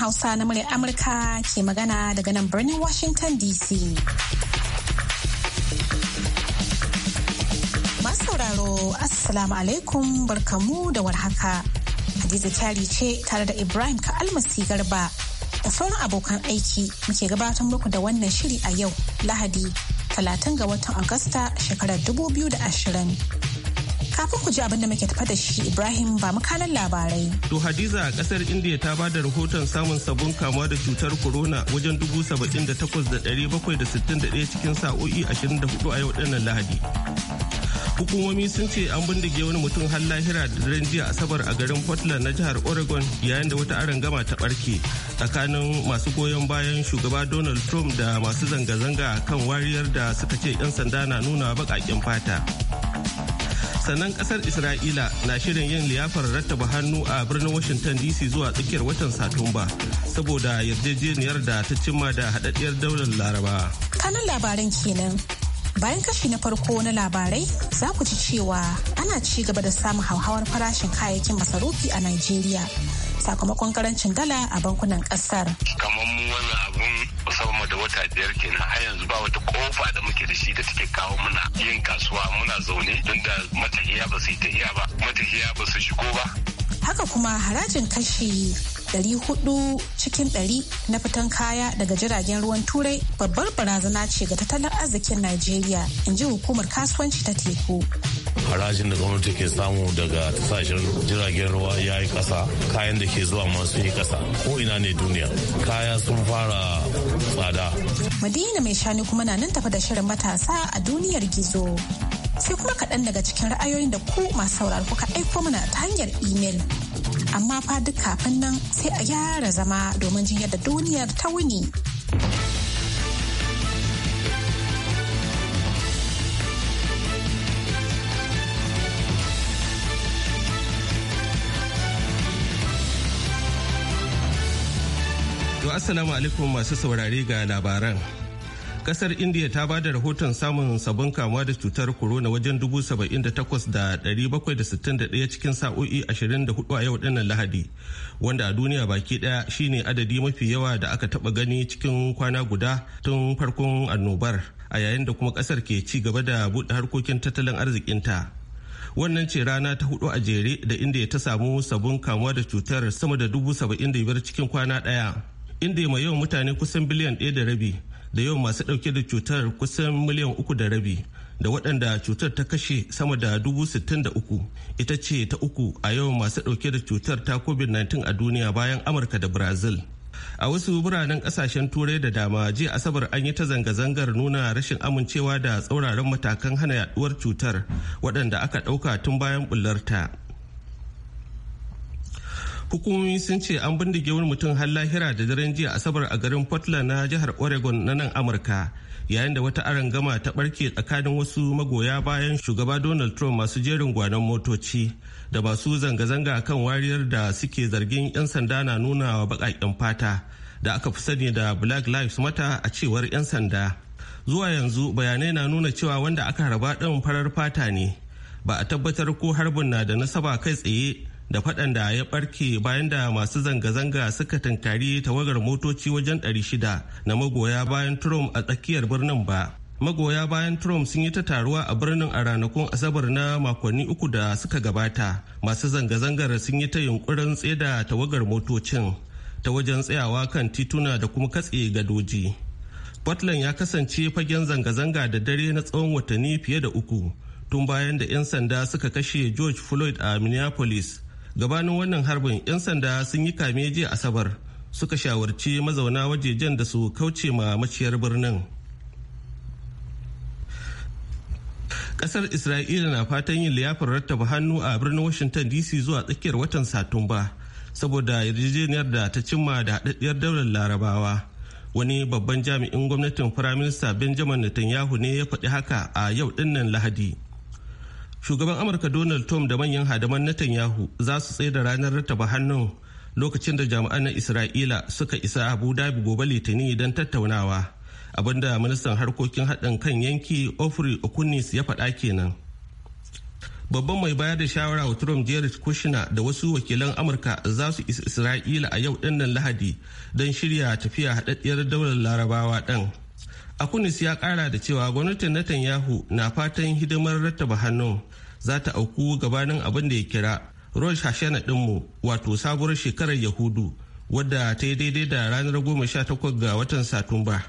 Hausa na muryar Amurka ke magana daga nan birnin Washington DC. Masu sauraro, Assalamu alaikum barkamu da warhaka. Hadiza Kyari ce tare da Ibrahim Ka'almasi Garba da sauran abokan aiki muke gabatar muku da wannan shiri a yau, Lahadi, 30 ga watan Agusta shekarar 2020. Kafin ku ji abin da muke tafa da shi Ibrahim ba makanan labarai. To Hadiza kasar India ta ba da rahoton samun sabon kamuwa da cutar corona wajen dubu saba'in da takwas da ɗari bakwai da sittin da ɗaya cikin sa'o'i ashirin da hudu a yau ɗinnan Lahadi. Hukumomi sun ce an bindige wani mutum har lahira da daren jiya Asabar a garin Portland na jihar Oregon yayin da wata gama ta barke tsakanin masu goyon bayan shugaba Donald Trump da masu zanga-zanga kan wariyar da suka ce 'yan sanda na nuna baƙaƙen fata. sannan kasar isra'ila na shirin yin liyafar rattaba hannu a birnin washington dc zuwa tsakiyar watan satumba saboda yarjejeniyar da ta cimma da haɗaɗɗiyar daular laraba kanan labaran kenan bayan kashi na farko na labarai za ku ci cewa ana ci gaba da samun hauhawar farashin kayayyakin masarufi a Najeriya. sakamakon karancin dala a bankunan kasar. Kamar mu wani abun musamman da wata biyar kenan har yanzu ba wata kofa da muke da shi da take kawo muna yin kasuwa muna zaune don da matahiya ba su yi tahiya ba matahiya ba su shigo ba. Haka kuma harajin kashi hudu cikin 100 na fitan kaya daga jiragen ruwan turai babbar barazana ce ga tattalin arzikin najeriya in ji hukumar kasuwanci ta teku harajin da gwamnati ke samu daga tasashen jiragen ruwa ya yi kasa kayan da ke zuwa masu yi kasa ko ina ne duniya kaya sun fara tsada madina mai shani kuma na nan tafi da shirin matasa a duniyar gizo sai kuma kaɗan daga cikin ra'ayoyin da ku masu sauraro kuka aiko mana ta hanyar imel amma fa duk kafin nan sai a gyara zama domin jin yadda duniyar ta wuni. To Assalamu alaikum masu saurari ga labaran. kasar india ta ba da rahoton samun sabon kamuwa da cutar corona wajen 78,761 cikin sa'o'i 24 a yau dinnan lahadi wanda a duniya baki daya shine adadi mafi yawa da aka taba gani cikin kwana guda tun farkon annobar a yayin da kuma kasar ke ci gaba da buɗe harkokin tattalin arzikinta wannan ce rana ta hudu a jere da india ta samu sabon kamuwa da cutar sama da dubu cikin kwana daya inda mai yawan mutane kusan biliyan ɗaya da rabi da yawan masu dauke da cutar kusan miliyan uku da rabi da waɗanda cutar ta kashe sama da dubu sittin da uku ita ce ta uku a yawan masu dauke da cutar ta covid-19 a duniya bayan amurka da brazil a wasu biranen kasashen turai da dama jiya asabar an yi ta zanga-zangar nuna rashin amincewa da tsauraran matakan hana yaduwar cutar waɗanda aka ɗauka tun bayan bullarta. hukumomi sun ce an bindige wani mutum har lahira da daren jiya asabar a garin portland na jihar oregon na nan amurka yayin da wata arangama ta barke tsakanin wasu magoya bayan shugaba donald trump masu jerin gwanon motoci da masu zanga-zanga kan wariyar da suke zargin 'yan sanda na nuna wa baƙaƙen fata da aka fi sani da black lives matter a cewar 'yan sanda zuwa yanzu bayanai na nuna cewa wanda aka harba ɗin farar fata ne ba a tabbatar ko harbin na da nasaba kai tsaye da faɗan da ya ɓarke bayan da masu zanga-zanga suka tankari tawagar motoci wajen 600 na magoya bayan Trump a tsakiyar birnin ba. Magoya bayan Trump sun yi ta taruwa a birnin a ranakun Asabar na makonni uku da suka gabata. Masu zanga-zangar sun yi ta yunkurin tseda tawagar motocin ta wajen tsayawa kan tituna da kuma katse gadoji. Portland ya kasance fagen zanga-zanga da dare na tsawon watanni fiye da uku tun bayan da 'yan sanda suka kashe George Floyd a Minneapolis gabanin wannan harbin 'yan sanda sun yi kame jiya asabar suka shawarci mazauna wajejen da su kauce ma maciyar birnin kasar isra'ila na fatan yin liyafar rattaba hannu a birnin washington dc zuwa tsakiyar watan satumba saboda yarjejeniyar da ta cimma da haɗaɗɗiyar daular larabawa wani babban jami'in gwamnatin firaminista benjamin netanyahu ne ya faɗi haka a yau ɗinnan lahadi shugaban amurka donald trump da manyan hadaman netanyahu za su tsaye da ranar rataba hannun lokacin da jami'an na isra'ila suka isa abu dhabi gobe litinin don tattaunawa abinda ministan harkokin haɗin kan yanki ofri okunis ya faɗa kenan babban mai bayar da shawara wa trump jared kushner da wasu wakilan amurka za su isa isra'ila a yau dinnan lahadi don shirya tafiya haɗaɗɗiyar daular larabawa ɗan a akunis ya kara da cewa gwamnatin netanyahu na fatan hidimar rattaba hannun za ta auku gabanin abin da ya kira rosh hashana dinmu wato sabuwar shekarar yahudu wadda ta yi daidai da ranar goma sha ga watan satumba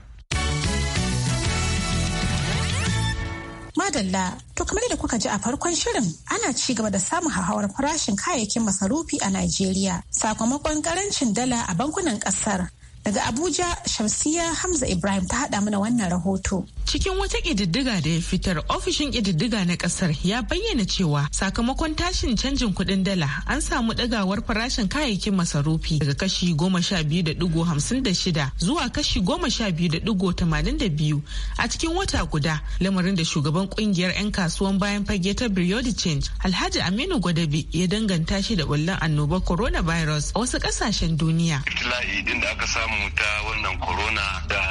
madalla to kamar da kuka ji a farkon shirin ana ci gaba da samun hauhawar farashin kayayyakin masarufi a najeriya sakamakon karancin dala a bankunan kasar Daga Abuja, Shamsiya Hamza Ibrahim ta haɗa mana wannan rahoto. Cikin wata ƙididdiga da ya fitar, ofishin ƙididdiga na ƙasar ya bayyana cewa sakamakon tashin canjin kuɗin dala an samu ɗagawar farashin kayayyakin masarufi daga kashi goma sha biyu da ɗigo hamsin da shida zuwa kashi goma sha biyu da ɗigo tamanin da biyu a cikin wata guda lamarin da shugaban ƙungiyar 'yan kasuwan bayan fage ta Biriodi Change Alhaji Aminu Gwadabi ya danganta shi da ɓullan annobar coronavirus a wasu ƙasashen duniya. da aka samu mu ta wannan corona da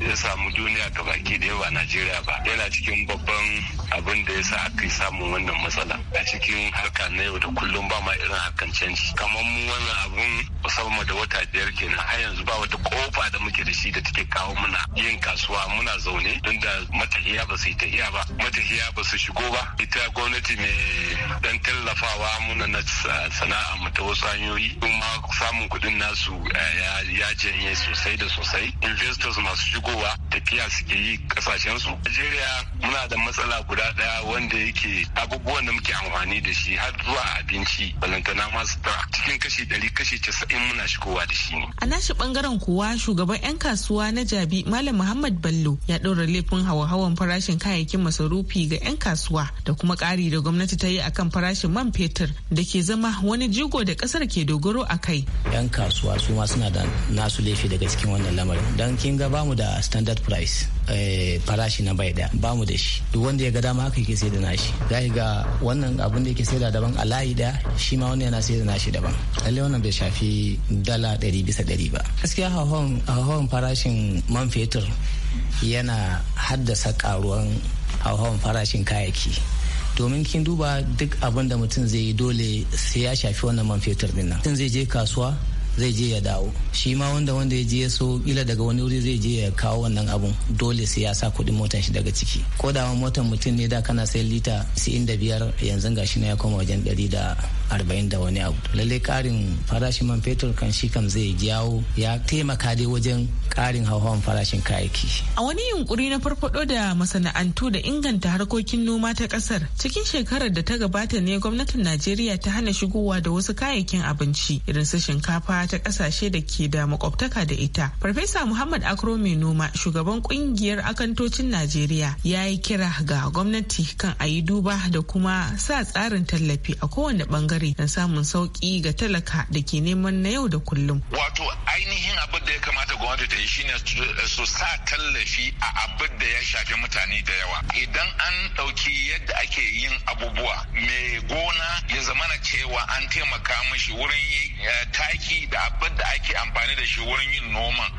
ya samu duniya ga baki da yawa Najeriya ba yana cikin babban abin da ya sa aka samu wannan matsala a cikin harka na yau da kullum ba ma irin harkan canji kamar mu wannan abun musamman da wata biyar kenan har yanzu ba wata kofa da muke da shi da take kawo muna yin kasuwa muna zaune don da matahiya ba su yi tahiya ba matahiya ba su shigo ba ita gwamnati mai dan tallafawa muna na sana'a mu ta wasu hanyoyi kuma samun kuɗin nasu eh, ya je janye sosai da sosai investors masu shigowa tafiya suke yi kasashensu Najeriya muna da matsala guda daya wanda yake abubuwan da muke amfani da shi har zuwa abinci balantana masu tara cikin kashi dari kashi casa'in muna shigowa da shi A nashi bangaren kuwa shugaban 'yan kasuwa na Jabi Malam Muhammad Bello ya ɗora laifin hawa-hawan farashin kayayyakin masarufi ga 'yan kasuwa da kuma ƙari da gwamnati ta yi akan farashin man fetur da ke zama wani jigo da ƙasar ke dogaro a kai. 'Yan kasuwa su ma suna da nasu su laifi daga cikin wannan lamarin don kin ga bamu da standard price eh, farashi na bai daya bamu da shi duk wanda ya ga dama haka yake sai da nashi zaki ga wannan abun da yake sai da daban a layi daya shi ma wannan yana sai da nashi daban lalle wannan bai shafi dala ɗari bisa ɗari ba gaskiya hauhawan farashin man fetur yana haddasa karuwan hauhawan farashin kayayyaki domin kin duba duk abin da mutum zai yi dole sai ya shafi wannan man fetur din nan mutum zai je kasuwa zai je ya dawo shi ma wanda wanda ya je ya so kila daga wani wuri zai je ya kawo wannan abun dole sai ya sa kuɗin motan shi daga ciki ko da motan mutum ne da kana sai lita 65 yanzu gashi na ya koma wajen 100 da arba'in da wani abu lallai karin farashin man fetur kan shi kam zai jawo ya taimaka dai wajen karin hauhawan farashin kayaki a wani yunkuri na farfado da masana'antu da inganta harkokin noma ta kasar cikin shekarar da ta gabata ne gwamnatin najeriya ta hana shigowa da wasu kayayyakin abinci irin su shinkafa ta kasashe da ke da makwabtaka da ita farfesa muhammad akro mai noma shugaban kungiyar akantocin najeriya ya yi kira ga gwamnati kan a yi duba da kuma sa tsarin tallafi a kowane bangare bangare na samun sauki ga talaka da ke neman na yau da kullum. Wato ainihin abin da ya kamata gwamnati ta yi shine su sa tallafi a abin da ya shafi mutane da yawa. Idan an ɗauki yadda ake yin abubuwa mai gona ya zamana cewa an taimaka mishi wurin taki da abin da ake amfani da shi wurin yin noman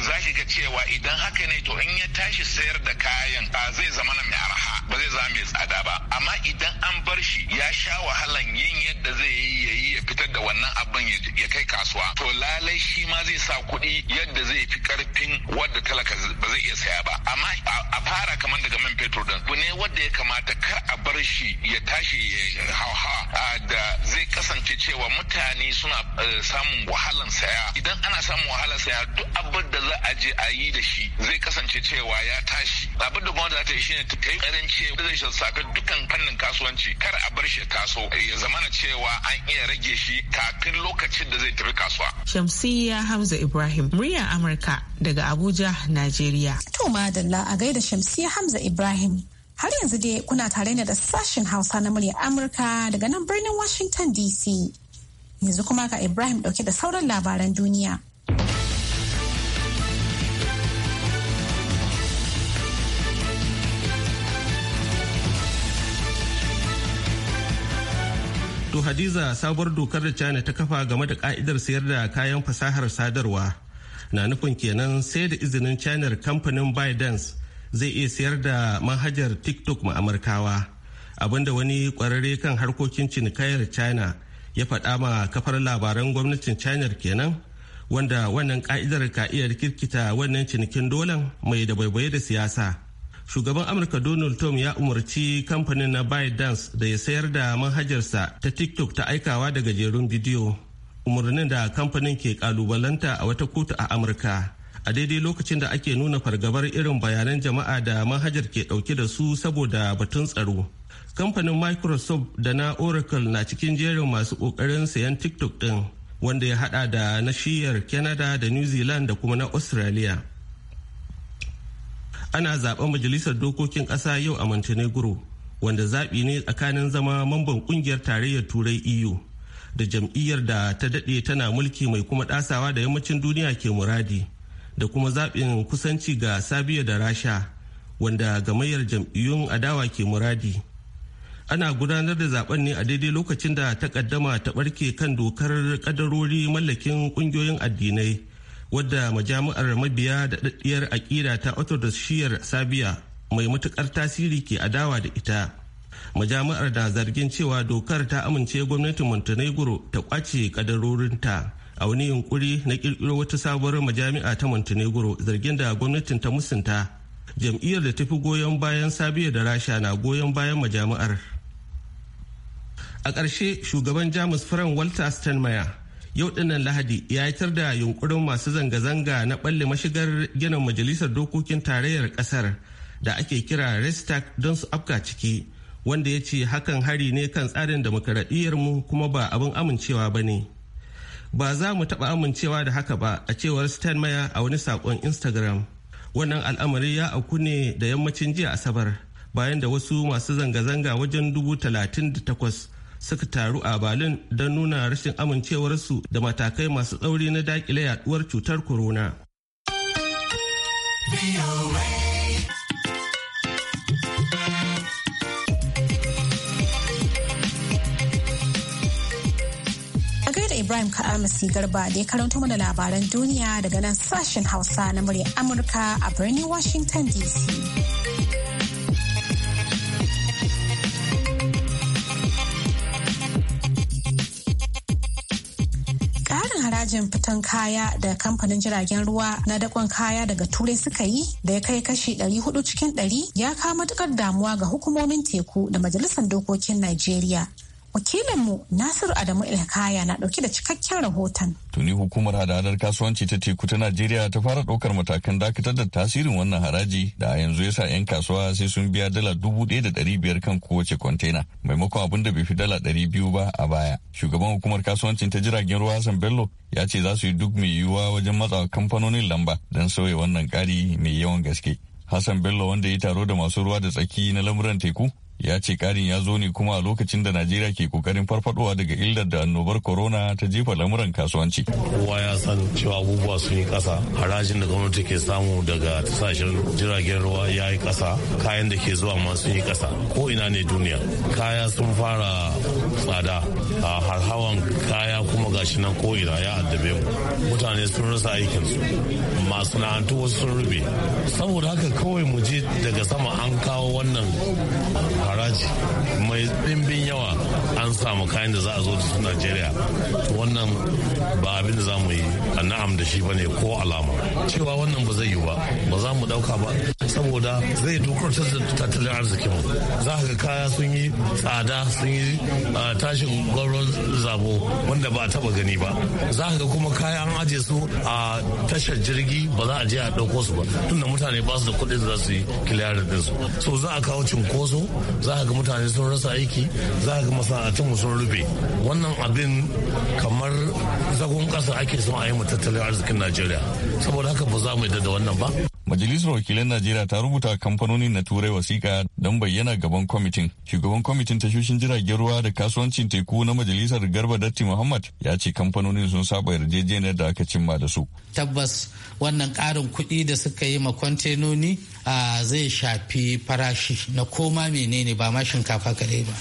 za ki ga cewa idan haka ne to in ya tashi sayar da kayan ba zai zama na mai arha ba zai zama mai tsada ba amma idan an bar shi ya sha wahalan yin yadda zai yi ya yi ya fitar da wannan abin ya kai kasuwa to lalai shi ma zai sa kuɗi yadda zai fi karfin wadda talaka ba zai iya saya ba amma a fara kamar daga man fetur din ku ne wadda ya kamata kar a bar shi ya tashi ya hauhawa da zai kasance cewa mutane suna Eh, samun wahalan saya idan ana samun wahalan saya duk abin da za a je a yi da shi zai kasance cewa ya tashi abin da gwamnati za ta yi shine ta kai karanci da zai saka dukkan fannin kasuwanci kar a bar shi taso ya zamana cewa an iya rage shi kafin lokacin da zai tafi kasuwa Shamsiyya Hamza Ibrahim murya Amurka daga Abuja Najeriya to madalla a gaida Shamsiyya Hamza Ibrahim Har yanzu dai kuna tare ne da sashen Hausa na murya Amurka daga nan birnin Washington DC. yanzu kuma ga Ibrahim dauke da sauran labaran duniya. To Hadiza sabuwar dokar da China ta kafa game da ka'idar sayar da kayan fasahar sadarwa na nufin kenan sai da izinin China kamfanin ByteDance zai iya sayar da manhajar TikTok ma Amurkawa. abinda wani kwararre kan harkokin cinikayyar China ya faɗa ma kafar labaran gwamnatin china kenan wanda wannan ka'idar ka iya kirkita wannan cinikin dolan mai da baibaye da siyasa shugaban amurka donald trump ya umarci kamfanin na ByteDance da ya sayar da manhajarsa ta tiktok ta aikawa da gajerun bidiyo umarnin da kamfanin ke kalubalanta a wata kotu a amurka a daidai lokacin da ake nuna fargabar irin bayanan jama'a da manhajar ke dauke da su saboda batun tsaro kamfanin microsoft da na oracle na cikin jerin masu kokarin sayan tiktok din wanda ya hada da na shiyar canada da new zealand da kuma na australia ana zaben majalisar dokokin ƙasa yau a montenegro wanda zaɓi ne tsakanin zama mamban ƙungiyar tarayyar turai eu da jam'iyyar da ta daɗe tana mulki mai kuma ɗasawa da yammacin duniya ke muradi da kuma zaɓin kusanci ga sabiya da rasha wanda gamayyar jam'iyyun adawa ke muradi ana gudanar da zaben ne a daidai lokacin da takaddama ta barke kan dokar kadarori mallakin kungiyoyin addinai wadda majami'ar mabiya da daddiyar aƙida ta orthodox shiyar sabiya mai matukar tasiri ke adawa da ita majami'ar da zargin cewa dokar ta amince gwamnatin montenegro ta kwace kadarorinta a wani yunkuri na kirkiro wata sabuwar majami'a ta montenegro zargin da gwamnatin ta musunta jam'iyyar da ta fi goyon bayan sabiya da rasha na goyon bayan majami'ar a ƙarshe shugaban jamus frank walter steinmeier yau dinnan lahadi ya yitar da yunkurin masu zanga-zanga na ɓalle mashigar ginin majalisar dokokin tarayyar ƙasar da ake kira restak don su afka ciki wanda ya ce hakan hari ne kan tsarin mu kuma ba abin amincewa ba ne ba za mu taɓa amincewa da haka ba a cewar steinmeier a wani saƙon instagram wannan al'amari ya auku ne da yammacin jiya asabar bayan da wasu masu zanga-zanga wajen dubu talatin da takwas suka taru a Berlin don nuna rashin amincewarsu da matakai masu tsauri na dakile yaduwar cutar corona. Ibrahim Ka'almasi Garba da ya karanto mana labaran duniya daga nan sashen Hausa na murya Amurka a birnin Washington DC. harajin fitan kaya da kamfanin jiragen ruwa na dakon kaya daga turai suka yi da ya kai kashi 400 cikin 100 ya kawo matukar damuwa ga hukumomin teku da majalisar dokokin Najeriya. wakilinmu nasiru adamu ilkaya na dauke da cikakken rahoton tuni hukumar hadadar kasuwanci ta teku ta najeriya ta fara daukar matakan dakatar da tasirin wannan haraji da a yanzu yasa 'yan kasuwa sai sun biya dala dubu ɗaya da ɗari biyar kan kowace kwantena maimakon abin da bai fi dala ɗari biyu ba a baya shugaban hukumar kasuwancin ta jiragen ruwa hassan bello ya ce za su yi duk mai yiwuwa wajen matsa kamfanonin lamba don sauya wannan ƙari mai yawan gaske Hassan Bello wanda ya taro da masu ruwa da tsaki na lamuran teku ya ce karin ya zo ne kuma a lokacin da najeriya ke kokarin farfadowa daga illar da annobar corona ta jefa lamuran kasuwanci kowa ya san cewa abubuwa sun yi kasa harajin da gwamnati ke samu daga tasashen jiragen ruwa ya yi kasa kayan da ke zuwa ma sun yi kasa ko ina ne duniya kaya sun fara tsada a harhawan kaya kuma gashi nan ko ina ya addabe mu mutane sun rasa aikin su masana'antu wasu sun rube saboda haka kawai mu je daga sama an kawo wannan haraji mai ɗimbin yawa an samu kayan da za a zo da su najeriya wannan ba abin da za mu yi na'am da shi bane ko alama cewa wannan ba zai yi ba ba za mu dauka ba saboda zai dokar tattalin arzikin mu za ka kaya sun yi tsada sun yi tashin gwaron zabo wanda ba a taba gani ba za ka kuma kaya an aje su a tashar jirgi ba za a je a dauko su ba tunda mutane ba su da kuɗi za su yi kiliyar din su so za a kawo cinkoso za ka ga mutane sun rasa aiki za ka ga masana'antun sun rufe wannan abin kamar zagon kasa ake son a yi tattalin arzikin najeriya saboda haka ba za mu yadda da wannan ba Majalisar Wakilan Najeriya ta rubuta kamfanonin na Turai wasiƙa don bayyana gaban kwamitin. Shugaban kwamitin tashoshin jiragen ruwa da kasuwancin teku na Majalisar Garba Datti Muhammad ya ce kamfanonin sun saba yarjejeniyar da aka cimma da su. Tabbas wannan ƙarin kuɗi da suka yi ma kwantenoni zai shafi farashi na koma menene ba ma shinkafa kaɗai ba.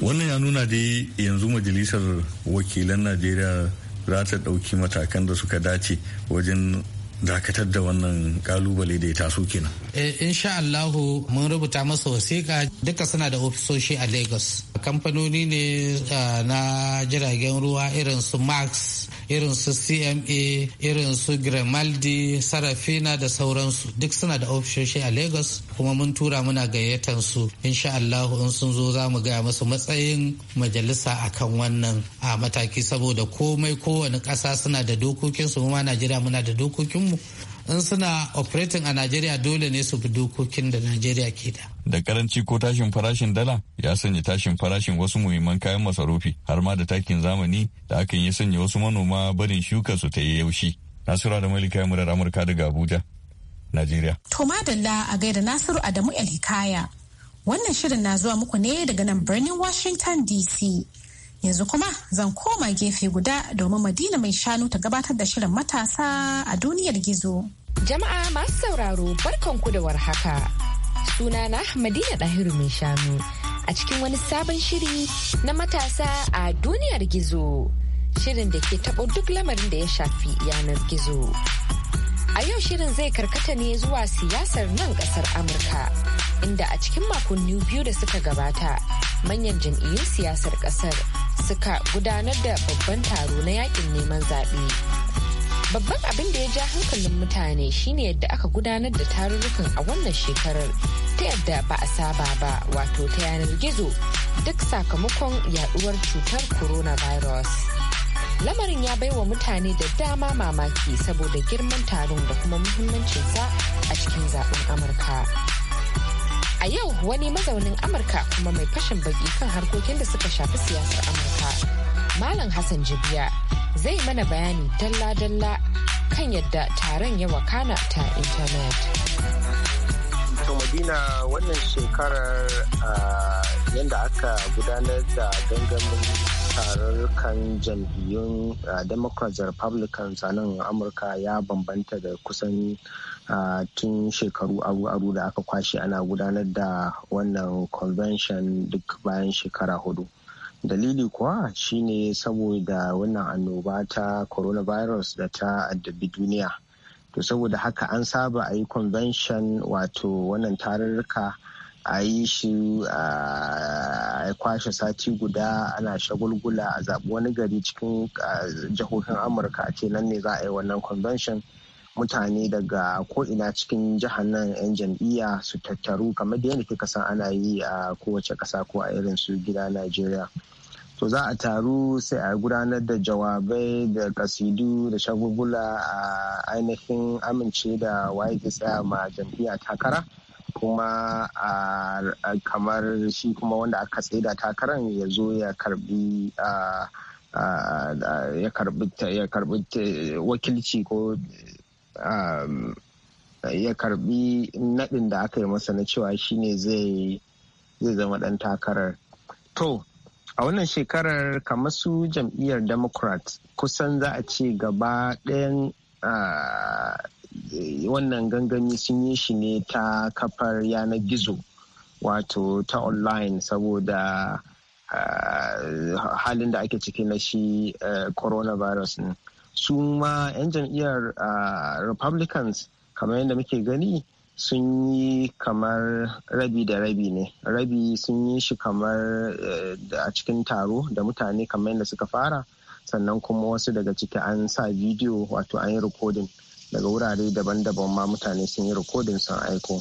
Wannan ya nuna dai yanzu Majalisar Wakilan Najeriya za ta ɗauki matakan da suka dace wajen dakatar da wannan kalubale da ya taso kenan. Eh, sha Allahu mun rubuta masa wasiƙa duka suna da ofisoshi a Lagos. Kamfanoni ne eh, na jiragen ruwa irin su Max irin su cma irin su grimaldi sarafina da sauransu duk suna da ofisoshi a lagos kuma mun tura muna gayyatan su insha sha'allahu in sun zo za mu gaya musu matsayin majalisa a kan wannan a mataki saboda komai kowane ƙasa suna da dokokinsu kuma najeriya muna da dokokinmu in suna operating a najeriya dole ne su bi dokokin da najeriya ke da da karanci ko tashin farashin dala ya sanya tashin farashin wasu muhimman kayan masarufi har ma da takin zamani da akan yi sanya wasu manoma barin shuka su ta yi yaushi nasura da malika murar amurka daga abuja najeriya to madalla a gaida nasiru adamu el wannan shirin na zuwa muku ne daga nan birnin washington dc Yanzu kuma zan koma gefe guda domin Madina mai shanu ta gabatar da shirin matasa a duniyar gizo. Jama'a masu sauraro barkanku da warhaka. Sunana Madina Dahiru mai shanu a cikin wani sabon shiri na matasa a duniyar gizo. Shirin da ke taɓo duk lamarin da ya shafi yanar gizo. A yau shirin zai karkata ne zuwa siyasar nan kasar Amurka, inda a cikin makonni biyu da suka gabata manyan jam'iyyun siyasar kasar suka gudanar da babban taro na yakin neman zaɓe. Babban abin da ya ja hankalin mutane shine yadda aka gudanar da tarurrukan a wannan shekarar ta yadda ba a saba ba wato ta yanar gizo duk sakamakon yaduwar cutar coronavirus. Lamarin ya baiwa mutane da dama mamaki saboda girman taron da kuma muhimmancinsa a cikin zaɓen Amurka. A yau wani mazaunin Amurka kuma mai fashin baki kan harkokin da suka shafi siyasar Amurka. Malam Hassan Jibiya zai mana bayani dalla-dalla kan yadda taron ya wakana ta intanet. Madina wannan shekarar yadda aka gudanar da gangamin kan jam'iyyun Democrats da Republicans a nan Amurka ya bambanta da kusan tun shekaru aru-aru da aka kwashe ana gudanar da wannan convention duk bayan shekara hudu dalili kuwa shine saboda wannan annoba ta coronavirus da ta addabi duniya to saboda haka an saba a yi convention wato wannan tarurruka a yi shi a kwashe sati guda ana shagulgula a zaɓi wani gari cikin jihohin amurka a ce nan ne za a yi wannan convention mutane daga ko'ina cikin jihar nan 'yan jam'iyya su tattaru kamar da yadda kika san ana yi a kowace ƙasa ko a irin su gida najeriya to za a taru sai a gudanar da jawabai da kasidu da shagugula a ainihin amince da waye tsaya ma jam'iyya takara kuma kamar shi kuma wanda aka tsaida takaran ya zo ya karbi ya karbi wakilci ko Um, ya karbi naɗin da aka yi masa na cewa shine zai zama ɗan takarar to a wannan shekarar kamar su jam'iyyar democrat kusan za a ce gaba ɗayan wannan gangami sun yi shi ne ta kafar yanar gizo wato ta online saboda halin da ake ciki na shi eh, coronavirus ne su ma 'yan jam'iyyar republicans kamar yadda muke gani sun yi kamar rabi da rabi ne rabi sun yi shi kamar e, a cikin taro da mutane kamar yadda suka fara sannan kuma wasu daga ciki an sa bidiyo wato an yi rikodin daga wurare daban-daban ma mutane sun yi rikodin sun aiko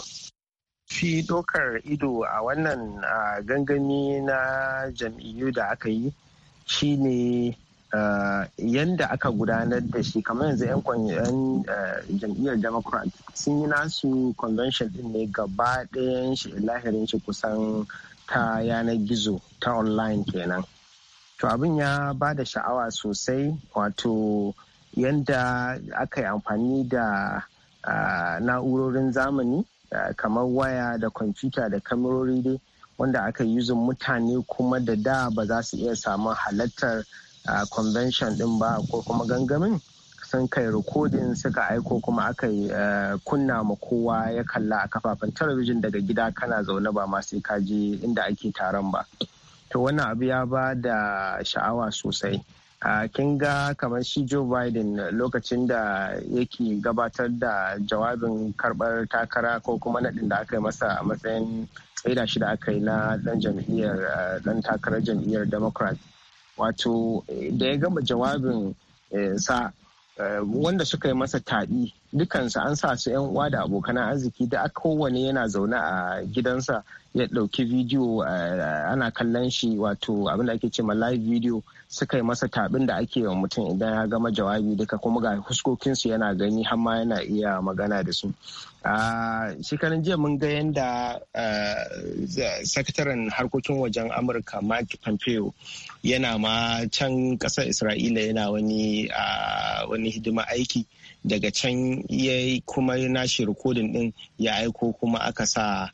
shi dokar ido a wannan gangami na jam'iyyu da aka yi shine Eh, yanda aka gudanar da shi kamar yanzu 'yan eh, jam'iyyar democrat sun yi nasu convention din ne gaba ɗayan shi lahirin shi kusan ta yanar gizo ta online kenan to abin ya ba da sha'awa sosai wato yanda aka yi amfani da eh, na'urorin zamani kamar waya da kwamfuta da kamarori dai wanda aka yi mutane kuma da da ba za su iya samun halartar a convention din ba ko kuma gangamin sun kai rikodin suka aiko kuma aka eh, kunna ma kowa ya kalla a kafafen talabijin daga gida kana zaune ba ma sai ka inda ake taron ba to wannan abu ya ba da sha'awa sosai kin ga kamar shi joe biden lokacin da yake gabatar da jawabin karbar takara ko kuma naɗin da aka yi masa a matsayin tsaida shi da aka yi na ɗan eh, takarar jam'iyyar democrat wato eh, da ya gama jawabin eh, sa eh, wanda suka yi masa taɗi dukansu an sa su yan uwa da abokan arziki da kowane yana zaune a gidansa ya ɗauki bidiyo ana kallon shi wato abin da ake ce live video suka yi masa tabin da ake wa mutum idan ya gama jawabi duka kuma ga huskokinsu yana gani har ma yana iya magana da su shekarun jiya mun ga yadda sakataren harkokin wajen amurka mike pompeo yana ma can ƙasar isra'ila yana wani wani hidima aiki daga can ya kuma nashi rikodin din ya aiko kuma aka sa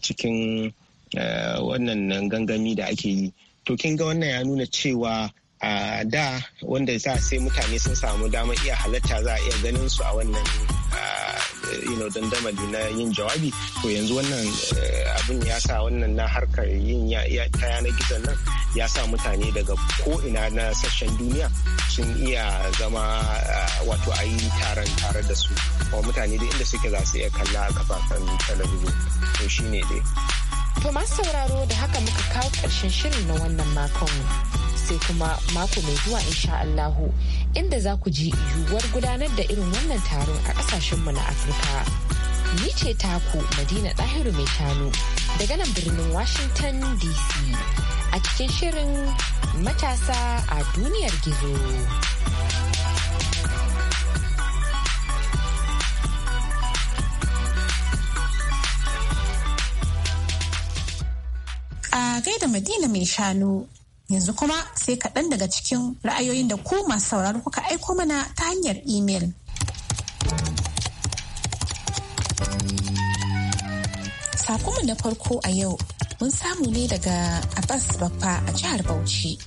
cikin wannan gangami da ake yi to kin ga wannan ya nuna cewa a da wanda za sai mutane sun samu damar iya halatta za a iya ganin su a wannan you know na yin jawabi to yanzu wannan eh, abin ya sa wannan na harkar yin ta yanar gizon nan ya sa mutane daga ko'ina na sashen duniya sun iya zama wato a yi taron tare da su kuma mutane da inda suke za su iya kalla a kafafen talabijin to shine dai To masu sauraro da haka muka kawo ƙarshen shirin na wannan makon. Sai kuma mako mai zuwa insha Allahu inda za ku ji yiwuwar gudanar da irin wannan taron a ƙasashenmu na Afirka. Ni ce taku Madina Ɗahiru mai shanu daga nan birnin Washington DC a cikin shirin matasa a duniyar gizo. da Madina mai shanu. Yanzu kuma sai kaɗan daga cikin ra'ayoyin da ku masu sauraro kuka aiko mana ta hanyar imel. Sakonmu na farko a yau mun samu ne daga Abbas Baffa a jihar Bauchi.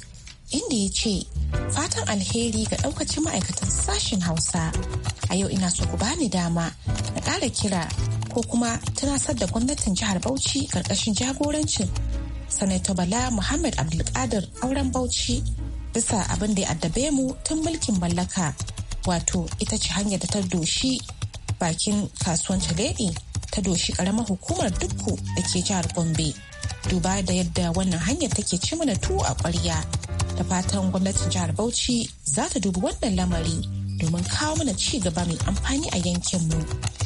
Inda ya ce, fatan alheri ga ɗaukacin ma'aikatan sashen Hausa. A yau ina so ku bani dama na ƙara kira ko kuma tunasar da gwamnatin jihar Bauchi karkashin jagorancin sanato bala muhammad abdulkadir auren bauchi bisa abin da ya addabe mu tun mulkin mallaka wato ita ce hanyar da ta doshi bakin kasuwan taledi ta doshi karamar hukumar dukku da ke jihar gombe duba da yadda wannan hanyar take ci mana tuwo a kwarya da fatan gwamnatin jihar bauchi za ta dubi wannan lamari domin kawo mana ci gaba mai amfani a yankinmu. mu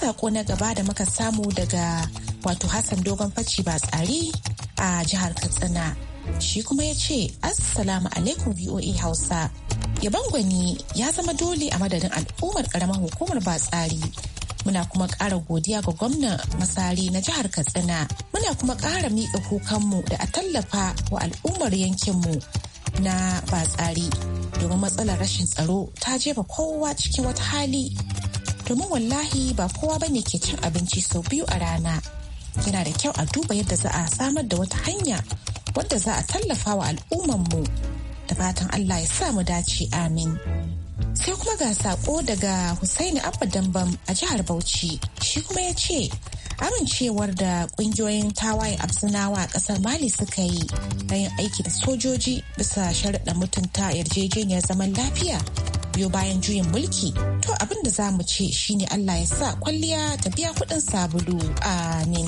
sako na gaba da muka samu daga wato Hassan Dogon Faci ba tsari a jihar Katsina. Shi kuma ya ce, Assalamu alaikum VOA Hausa. ya gwani ya zama dole a madadin al'ummar karamar hukumar ba tsari. Muna kuma ƙara godiya ga gwamnan masari na jihar Katsina. Muna kuma ƙara miƙa kukanmu da a tallafa wa al'ummar yankinmu na ba tsari. Domin matsalar rashin tsaro ta jefa kowa cikin wata hali domin wallahi ba kowa bane ke cin abinci sau biyu a rana yana da kyau a duba yadda za a samar da wata hanya wadda za a tallafa wa al'ummanmu da fatan Allah ya sa mu dace amin sai kuma ga saƙo daga hussaini Abba Dambam a jihar Bauchi shi kuma ya ce amincewar da ƙungiyoyin tawaye absinawa a kasar mali suka yi na yin aiki da sojoji bisa sharaɗa mutunta yarjejeniyar zaman lafiya biyo bayan juyin mulki to abin da za mu ce shine Allah ya sa kwalliya ta biya kudin sabulu amin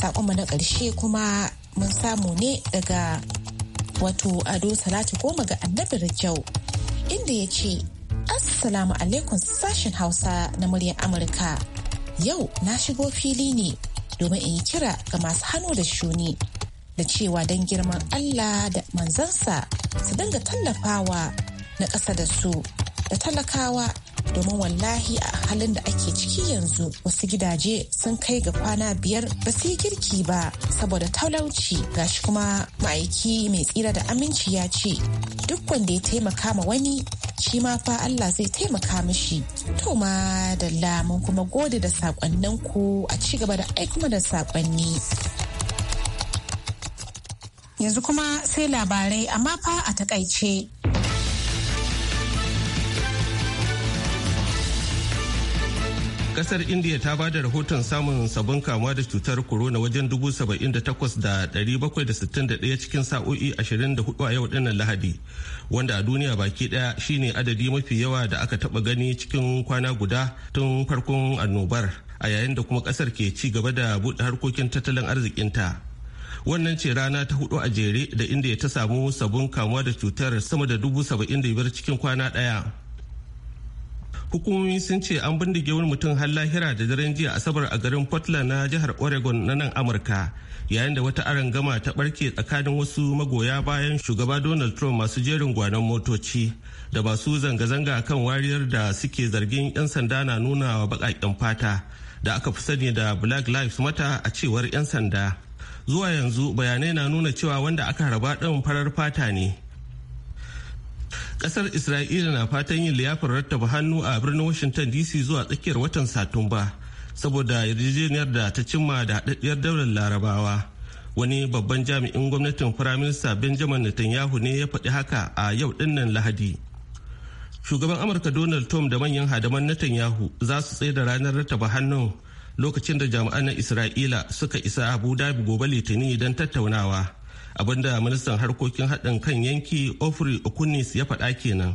sakonmu na ƙarshe kuma mun samu ne daga wato ado salatu goma ga annabi rajau inda ya ce assalamu alaikum sashen hausa na muryar amurka yau na shigo fili ne domin in yi kira ga masu hannu da shuni da cewa don girman allah da manzansa su dinga tallafawa na ƙasa da su da talakawa domin wallahi a halin da ake ciki yanzu wasu gidaje sun kai ga kwana biyar ba su yi girki ba saboda talauci gashi kuma ma'aiki mai tsira da aminci ya ce duk wanda ya taimaka ma wani shi ma fa Allah zai taimaka mishi to ma da mun kuma gode da sakonnin ku a ci gaba da aikuma da sakonni yanzu kuma sai labarai amma fa a takaice kasar india ta ba da rahoton samun sabon kamuwa da cutar corona wajen 78,761 cikin sa'o'i 24 a yau dinnan lahadi wanda a duniya baki daya shine adadi mafi yawa da aka taba gani cikin kwana guda tun farkon annobar a yayin da kuma kasar ke ci gaba da buɗe harkokin tattalin arzikinta wannan ce rana ta hudu a jere da inda ta samu sabon kamuwa da cutar sama da 75,000 cikin kwana daya. hukumomi sun ce an bindige wani mutum har lahira da daren jiya asabar a garin portland na jihar oregon na nan amurka yayin da wata arangama ta barke tsakanin wasu magoya bayan shugaba donald trump masu jerin gwanon motoci da masu zanga-zanga kan wariyar da suke zargin 'yan sanda na nuna wa baƙaƙen fata da aka fi sani da black lives matter a cewar 'yan sanda zuwa yanzu bayanai na nuna cewa wanda aka harba ɗin farar fata ne kasar isra'ila na fatan yin liyafar rattaba hannu a birnin washington dc zuwa tsakiyar watan satumba saboda yarjejeniyar da ta cimma da haɗaɗɗiyar daular larabawa wani babban jami'in gwamnatin firaminista benjamin netanyahu ne ya faɗi haka a yau dinnan lahadi shugaban amurka donald trump da manyan hadaman netanyahu za su tsaye da ranar rattaba hannu lokacin da jami'an na isra'ila suka isa abu dhabi gobe litinin don tattaunawa abinda ministan harkokin haɗin kan yanki ofri okunis ya faɗa kenan.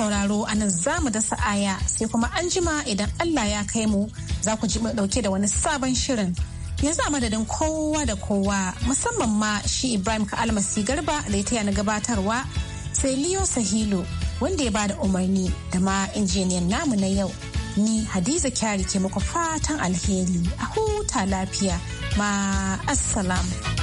sauraro a nan za mu dasa aya sai kuma an jima idan Allah ya kai mu za ku ji mu dauke da wani sabon shirin. Yanzu a madadin kowa da kowa musamman ma shi Ibrahim ka almasi garba da ya taya na gabatarwa sai Leo Sahilo wanda ya bada umarni da ma injiniyan namu na yau. Ni Hadiza Kyari ke muku fatan alheri a huta lafiya ma assalamu.